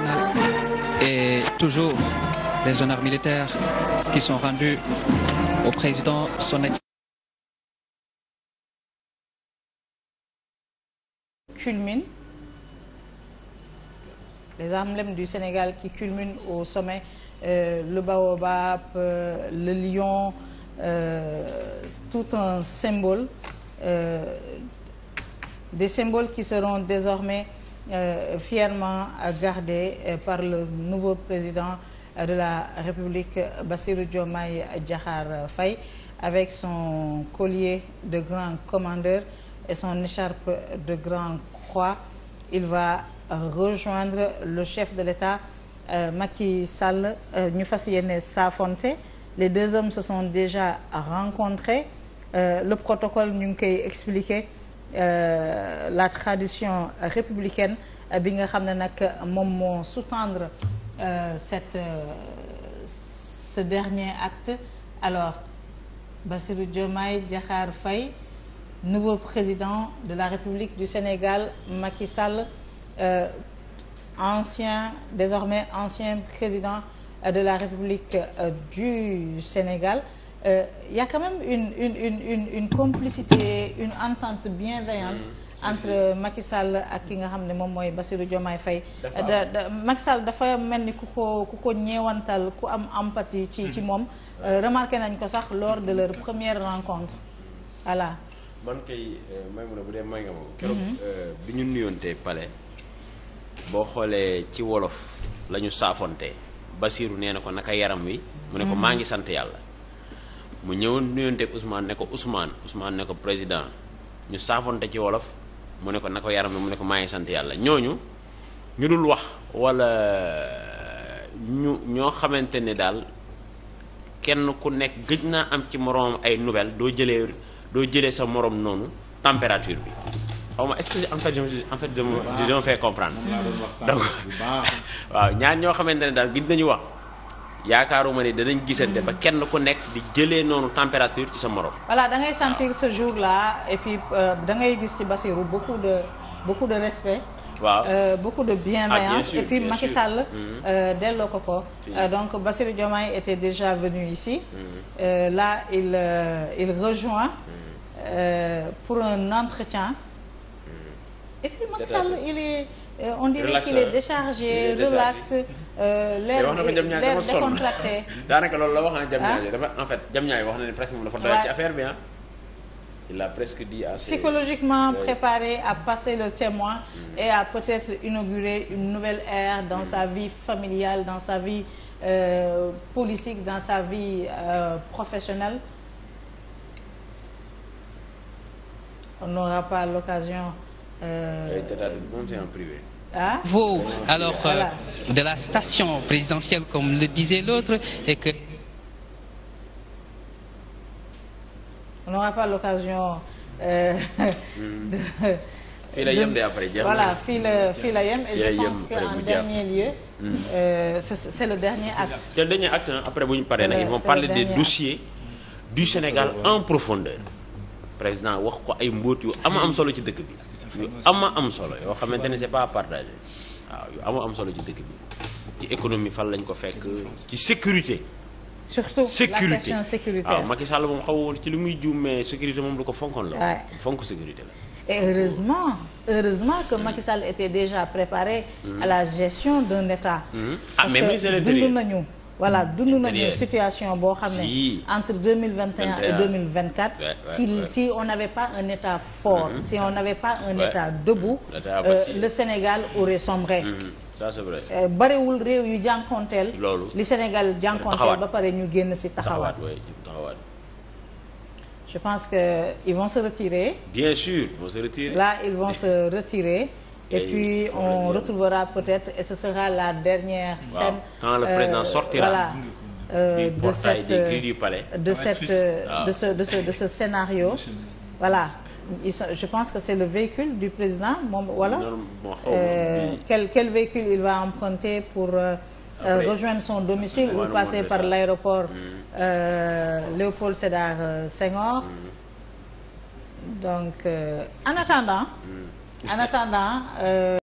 nationale. toujours les honneurs militaires qui sont rendus au président, son ex culmine, les emblèmes du Sénégal qui culminent au sommet, euh, le baobab, euh, le lion, euh, tout un symbole, euh, des symboles qui seront désormais Euh, fièrement gardé euh, par le nouveau président de la République Bassirou Diomaye Diakhar Faye avec son collier de grand commandeur et son écharpe de grand croix il va rejoindre le chef de l'État euh, Macky Sall euh, ñu fas yéene saafonte les deux hommes se sont déjà rencontrés le protocole ñu ngi koy expliquer Euh, la tradition républicaine euh, bi nga xam ne nag moom moo sous-tendre euh, cette ce dernier acte alors Bassirou Diomaye Diakhar Faye nouveau président de la République du Sénégal Macky Sall euh, ancien désormais ancien président de la République euh, du Sénégal euh, y a quand une une une une une complicité une entente bienveillante. Mmh. entre Macky Sall ak ki nga xam ne moom mooy Bassirou Diomaye Faye. da da Sall dafa mel ni ku ko ku ko ñeewantal ku am empathie. ci ci mm. moom euh, remarqué nañ ko sax lors de leur première rencontre voilà. man kay euh, may mun a bu dee mm-hmm. euh, bi ñu nuyoontee Palais boo xoolee ci wolof la ñu saafontee Bassirou nee na ko naka yaram wi. mu ne ko mm-hmm. maa ngi sant yàlla. mu ñëwoon nuyonteeg Ousmane ne ko Ousmane Ousmane ne ko président ñu saafonte ci wolof mu ne ko na ko yaram mu ne ko maa ngi sant yàlla ñooñu ñu dul wax wala euh, ñu ñoo xamante ne daal kenn ku nekk gëj naa am ci moroom ay nouvelles doo jëlee doo jëlee sa moroom noonu température bi xaw ma est-ce que en fait je en fait je me fais comprendre donc waaw ñaar ñoo xamante ne daal gëj nañu wax yaakaaruma ne danañ gisante ba kenn ko nekk di jëlee noonu température ci sa morom. voilà da ngay sentir ce jour là et puis euh, gis ci Bassirou beaucoup de beaucoup respect. waaw euh, beaucoup de bienveillance ah, bien et puis Sall mm-hmm. euh, delloo ko ko euh, donc Bassirou Diomaye était déjà venu ici mm -hmm. euh, là il rejoint mm-hmm. pour un entretien mm-hmm. et puis il est Euh, on dirait qu'il euh, est déchargé relax euh, l'air l'air décontracté daanaka loolu la wax na jam ñaay ah. dafa en fait jam ñaay wax na ne presque moom dafa doy ci affaire bi ah il a presque dit à psychologiquement préparé à passer le témoin mm. et à peut-être inaugurer une nouvelle ère dans mm. sa vie familiale dans sa vie euh, politique dans sa vie euh, professionnelle on n'aura pas l'occasion yooyu euh, bi ah vous alors euh, voilà. de la station présidentielle comme le disait l'autre et que. on n'aura pas euh, hmm. la yem de après jeex fii la fii la yem et je pense que en dernier lieu. Hmm. c'est, le dernier acte. après bu ñu paree nag ils vont parler des dossiers du Sénégal en profondeur président wax ko ay mbóot yu am am solo ci dëkk bi. yu ama am solo yoo xamante ne c'est pas partagé waaw yu ama am solo ci dëkk bi ci économie fan lañ ko fekk ci sécurité surtout sécurité. la question sécuritaire waaw Macky Sall moom xawoon ci li muy juum mais sécurité moom lu ko fonkoon la. fonk sécurité la. et heureusement heureusement que Macky Sall était déjà préparé. Mm-hmm. à la gestion d'un État. Mm-hmm. ah mais de l'Intérieur parce que dund nañu. voilà mm. dund nañu situation boo xam ne entre deux mille vingt et vingt quatre si si on n'avait pas un état fort mm-hmm. si on n'avait pas un état debout euh, le Sénégal aurait sombré mm -hmm. ça c'est euh, yu jànkoonteel loolu li Sénégal jànkoonteel ba pare ñu génn si taxawaat je pense que vont se retirer là ils vont se retirer et puis on retrouvera peut-être et ce sera la dernière scène quand le président euh, sortira euh, de cette du palais euh, de cette ah. de ce de ce de ce scénario voilà ils sont, je pense que c'est le véhicule du président moom voilà euh, quel quel véhicule il va emprunter pour euh, Après, rejoindre son domicile ou passer par l'aéroport mm. euh, Léopold Sédar Senghor mm. donc en attendant mm. en attendant. Euh...